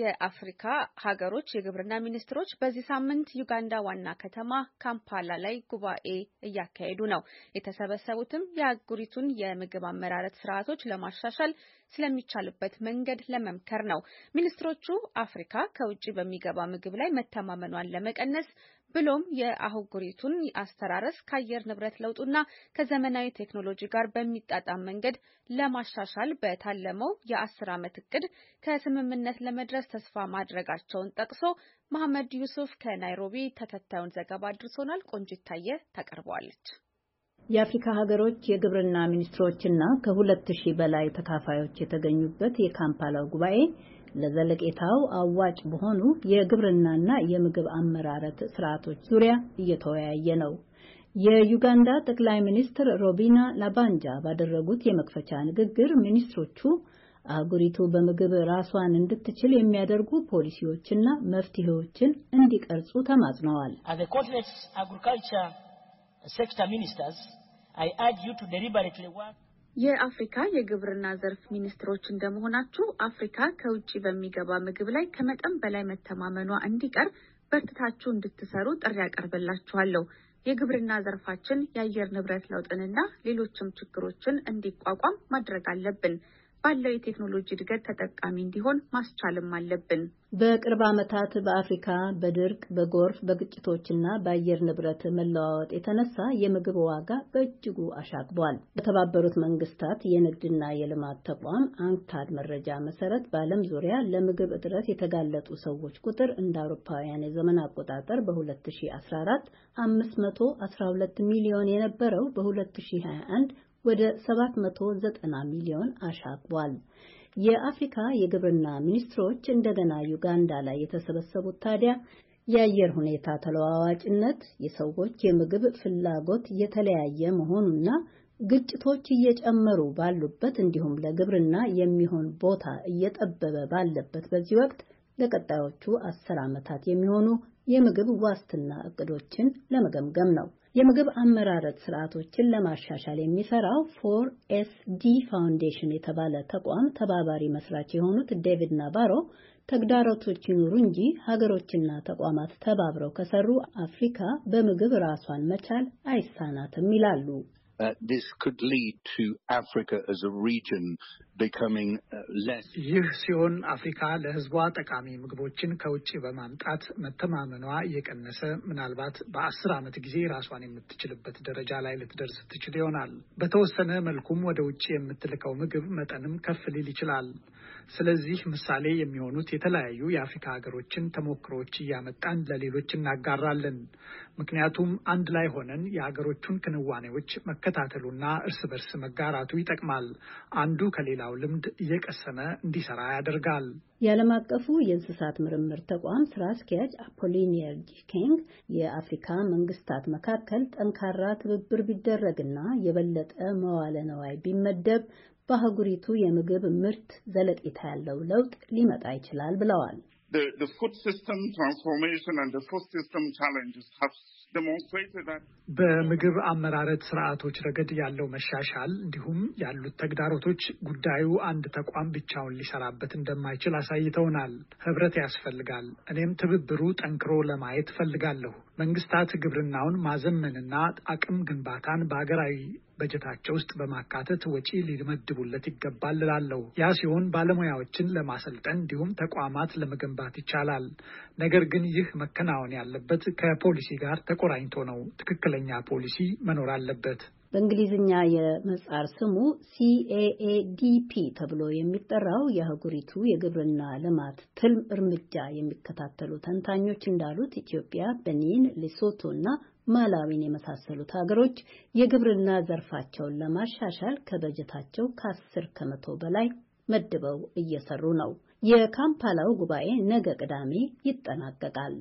የአፍሪካ ሀገሮች የግብርና ሚኒስትሮች በዚህ ሳምንት ዩጋንዳ ዋና ከተማ ካምፓላ ላይ ጉባኤ እያካሄዱ ነው። የተሰበሰቡትም የአህጉሪቱን የምግብ አመራረት ስርዓቶች ለማሻሻል ስለሚቻልበት መንገድ ለመምከር ነው። ሚኒስትሮቹ አፍሪካ ከውጭ በሚገባ ምግብ ላይ መተማመኗን ለመቀነስ ብሎም የአህጉሪቱን አስተራረስ ከአየር ንብረት ለውጡና ከዘመናዊ ቴክኖሎጂ ጋር በሚጣጣም መንገድ ለማሻሻል በታለመው የአስር ዓመት እቅድ ከስምምነት ለመድረስ ተስፋ ማድረጋቸውን ጠቅሶ መሐመድ ዩሱፍ ከናይሮቢ ተከታዩን ዘገባ አድርሶናል። ቆንጅታየ ታቀርበዋለች። የአፍሪካ ሀገሮች የግብርና ሚኒስትሮችና ከሁለት ሺህ በላይ ተካፋዮች የተገኙበት የካምፓላው ጉባኤ ለዘለቄታው አዋጭ በሆኑ የግብርናና የምግብ አመራረት ስርዓቶች ዙሪያ እየተወያየ ነው። የዩጋንዳ ጠቅላይ ሚኒስትር ሮቢና ላባንጃ ባደረጉት የመክፈቻ ንግግር ሚኒስትሮቹ አህጉሪቱ በምግብ ራሷን እንድትችል የሚያደርጉ ፖሊሲዎችና መፍትሄዎችን እንዲቀርጹ ተማጽነዋል። የአፍሪካ የግብርና ዘርፍ ሚኒስትሮች እንደመሆናችሁ አፍሪካ ከውጭ በሚገባ ምግብ ላይ ከመጠን በላይ መተማመኗ እንዲቀር በርትታችሁ እንድትሰሩ ጥሪ ያቀርብላችኋለሁ። የግብርና ዘርፋችን የአየር ንብረት ለውጥንና ሌሎችም ችግሮችን እንዲቋቋም ማድረግ አለብን። ባለው የቴክኖሎጂ እድገት ተጠቃሚ እንዲሆን ማስቻልም አለብን። በቅርብ ዓመታት በአፍሪካ በድርቅ፣ በጎርፍ፣ በግጭቶችና በአየር ንብረት መለዋወጥ የተነሳ የምግብ ዋጋ በእጅጉ አሻቅቧል። በተባበሩት መንግስታት የንግድና የልማት ተቋም አንክታድ መረጃ መሰረት በዓለም ዙሪያ ለምግብ እጥረት የተጋለጡ ሰዎች ቁጥር እንደ አውሮፓውያን የዘመን አቆጣጠር በ2014 512 ሚሊዮን የነበረው በ2021 ወደ 790 ሚሊዮን አሻቅቧል። የአፍሪካ የግብርና ሚኒስትሮች እንደገና ዩጋንዳ ላይ የተሰበሰቡት ታዲያ የአየር ሁኔታ ተለዋዋጭነት፣ የሰዎች የምግብ ፍላጎት የተለያየ መሆኑና ግጭቶች እየጨመሩ ባሉበት እንዲሁም ለግብርና የሚሆን ቦታ እየጠበበ ባለበት በዚህ ወቅት ለቀጣዮቹ አስር ዓመታት የሚሆኑ የምግብ ዋስትና እቅዶችን ለመገምገም ነው። የምግብ አመራረት ስርዓቶችን ለማሻሻል የሚሰራው ፎር ኤስ ዲ ፋውንዴሽን የተባለ ተቋም ተባባሪ መስራች የሆኑት ዴቪድ ናባሮ ተግዳሮቶች ይኑሩ እንጂ ሀገሮችና ተቋማት ተባብረው ከሰሩ አፍሪካ በምግብ ራሷን መቻል አይሳናትም ይላሉ። uh, Uh, ይህ ሲሆን አፍሪካ ለሕዝቧ ጠቃሚ ምግቦችን ከውጭ በማምጣት መተማመኗ እየቀነሰ ምናልባት በአስር ዓመት ጊዜ ራሷን የምትችልበት ደረጃ ላይ ልትደርስ ትችል ይሆናል። በተወሰነ መልኩም ወደ ውጭ የምትልከው ምግብ መጠንም ከፍ ሊል ይችላል። ስለዚህ ምሳሌ የሚሆኑት የተለያዩ የአፍሪካ ሀገሮችን ተሞክሮዎች እያመጣን ለሌሎች እናጋራለን። ምክንያቱም አንድ ላይ ሆነን የሀገሮቹን ክንዋኔዎች መከታተሉና እርስ በርስ መጋራቱ ይጠቅማል። አንዱ ከሌላ የሙያው ልምድ እየቀሰመ እንዲሰራ ያደርጋል። የዓለም አቀፉ የእንስሳት ምርምር ተቋም ስራ አስኪያጅ አፖሊኒየር ዲኬንግ የአፍሪካ መንግስታት መካከል ጠንካራ ትብብር ቢደረግና የበለጠ መዋለ ነዋይ ቢመደብ በአህጉሪቱ የምግብ ምርት ዘለቄታ ያለው ለውጥ ሊመጣ ይችላል ብለዋል። The, the food system transformation and the food system challenges have በምግብ አመራረት ስርዓቶች ረገድ ያለው መሻሻል እንዲሁም ያሉት ተግዳሮቶች ጉዳዩ አንድ ተቋም ብቻውን ሊሰራበት እንደማይችል አሳይተውናል። ህብረት ያስፈልጋል። እኔም ትብብሩ ጠንክሮ ለማየት ፈልጋለሁ። መንግስታት ግብርናውን ማዘመንና አቅም ግንባታን በሀገራዊ በጀታቸው ውስጥ በማካተት ወጪ ሊመድቡለት ይገባል እላለሁ። ያ ሲሆን ባለሙያዎችን ለማሰልጠን እንዲሁም ተቋማት ለመገንባት ይቻላል። ነገር ግን ይህ መከናወን ያለበት ከፖሊሲ ጋር ተቆራኝቶ ነው። ትክክለኛ ፖሊሲ መኖር አለበት። በእንግሊዝኛ የመጻር ስሙ ሲኤኤዲፒ ተብሎ የሚጠራው የአህጉሪቱ የግብርና ልማት ትልም እርምጃ የሚከታተሉ ተንታኞች እንዳሉት ኢትዮጵያ፣ በኒን፣ ሌሶቶ እና ማላዊን የመሳሰሉት ሀገሮች የግብርና ዘርፋቸውን ለማሻሻል ከበጀታቸው ከአስር ከመቶ በላይ መድበው እየሰሩ ነው። የካምፓላው ጉባኤ ነገ ቅዳሜ ይጠናቀቃል።